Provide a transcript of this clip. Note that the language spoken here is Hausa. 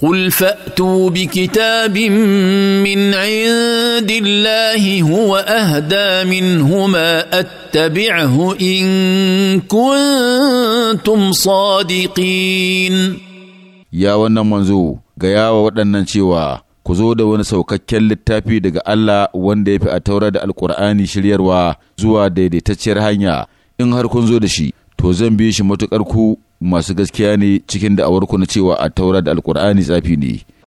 قل فاتوا بكتاب من عند الله هو اهدى منهما اتبعه ان كنتم صادقين يا wannan manzo ga yawa waɗannan cewa ku zo da wani saukakken littafi daga Allah wanda ya fi a taura da alkur'ani shiryarwa zuwa daidaitacciyar hanya in har kun zo da shi to zan bi shi matuƙar ku masu gaskiya ne cikin da'awarku na cewa a taura da alkur'ani zafi ne